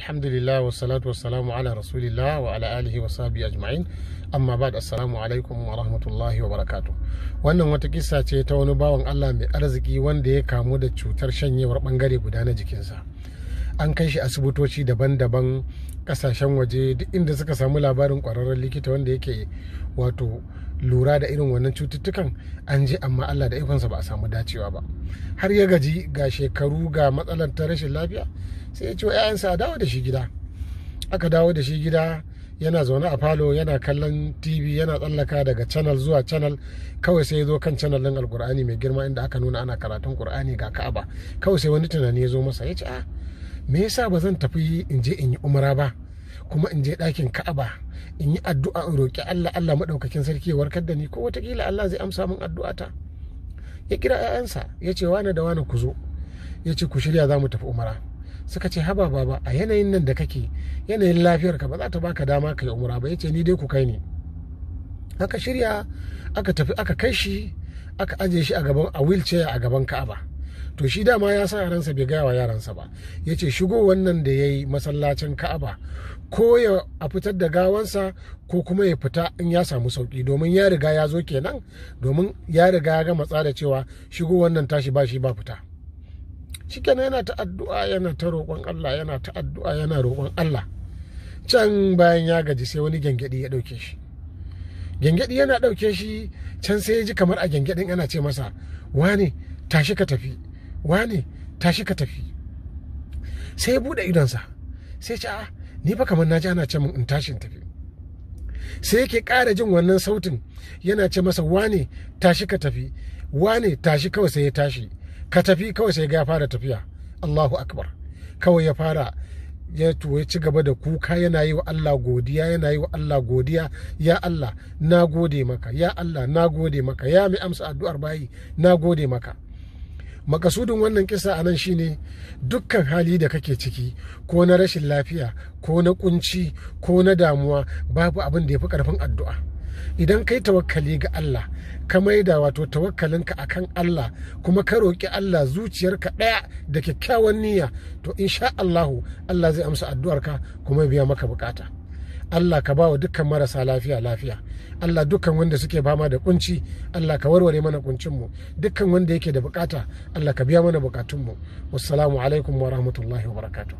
alhamdulillah wa salatu wa salamu ala rasulillah wa ala alihi wa sahbihi ajma'in amma ba'd assalamu alaikum wa rahmatullahi wa barakatuh wannan wata kisa ce ta wani bawan Allah mai arziki wanda ya kamu da cutar shanyewar bangare guda na jikinsa an kai shi asibitoci daban-daban kasashen waje duk inda suka samu labarin kwararren likita wanda yake wato lura da irin wannan cututtukan an je amma Allah da ikonsa ba a samu dacewa ba har ya gaji ga shekaru ga matsalar ta rashin lafiya sai ya ce wa 'ya'yansa a dawo da shi gida aka dawo da shi gida yana zaune a falo yana kallon tv yana tsallaka daga channel zuwa channel kawai sai ya zo kan channel din alkur'ani mai girma inda aka nuna ana karatun kur'ani ga ka'aba kawai sai wani tunani ya zo masa ya ce a ah, me yasa ba zan tafi in je in yi umra ba kuma in je ɗakin ka'aba in yi addu'a in roƙi allah allah maɗaukakin sarki ya warkar da ni ko watakila allah zai amsa min addu'ata ya kira 'ya'yansa ya ce wane da wane ku zo ya ce ku shirya za mu tafi umara suka ce haba baba a yanayin nan da kake yanayin lafiyarka ba za ta baka dama ka yi umra ba ya ce ni dai ku kai ni aka shirya aka tafi aka kai shi aka ajiye shi a gaban a wheelchair a gaban Ka'aba to shi dama ya sa ransa bai gaya wa yaransa ba ya ce shigo wannan da ya yi masallacin Ka'aba ko ya a fitar da gawansa ko kuma ya fita in ya samu sauki domin ya riga ya zo kenan domin ya riga ya gama tsada cewa shigo wannan tashi ba shi ba fita shikenan yana ta addu'a yana ta roƙon Allah yana ta addu'a yana roƙon Allah can bayan ya gaji sai wani gyangyaɗi ya ɗauke shi gyangyaɗi yana ɗauke shi can sai ya ji kamar a gyangyaɗin yana ce masa wane tashi ka tafi wane tashi ka tafi sai ya buɗe idonsa sai ce a ah, ni fa kamar naji ana ce min in in tafi sai yake ƙara jin wannan sautin yana ce masa wane tashi ka tafi wane tashi kawai sai ya tashi ka tafi kawai sai ga ya fara tafiya Allahu akbar kawai ya fara ya ci gaba da kuka yana yi wa Allah godiya yana yi wa Allah godiya ya Allah na gode maka ya Allah na gode maka ya mai amsa addu'ar bayi na gode maka makasudin wannan kisa anan shine dukkan hali da kake ciki ko na rashin lafiya ko na kunci ko na damuwa babu abin da ya fi karfin addu'a idan kai tawakkali ga Allah ka maida wato tawakkalinka kan Allah kuma ka roƙi Allah zuciyarka ɗaya da kyakkyawan niyya to insha Allahu Allah zai amsa addu'arka kuma biya maka bukata Allah ka bawa dukkan marasa lafiya lafiya Allah dukkan wanda suke fama da kunci Allah ka warware mana kuncin mu dukkan wanda yake da bukata Allah ka biya mana mu wassalamu alaikum wa rahmatullahi wa barakatuh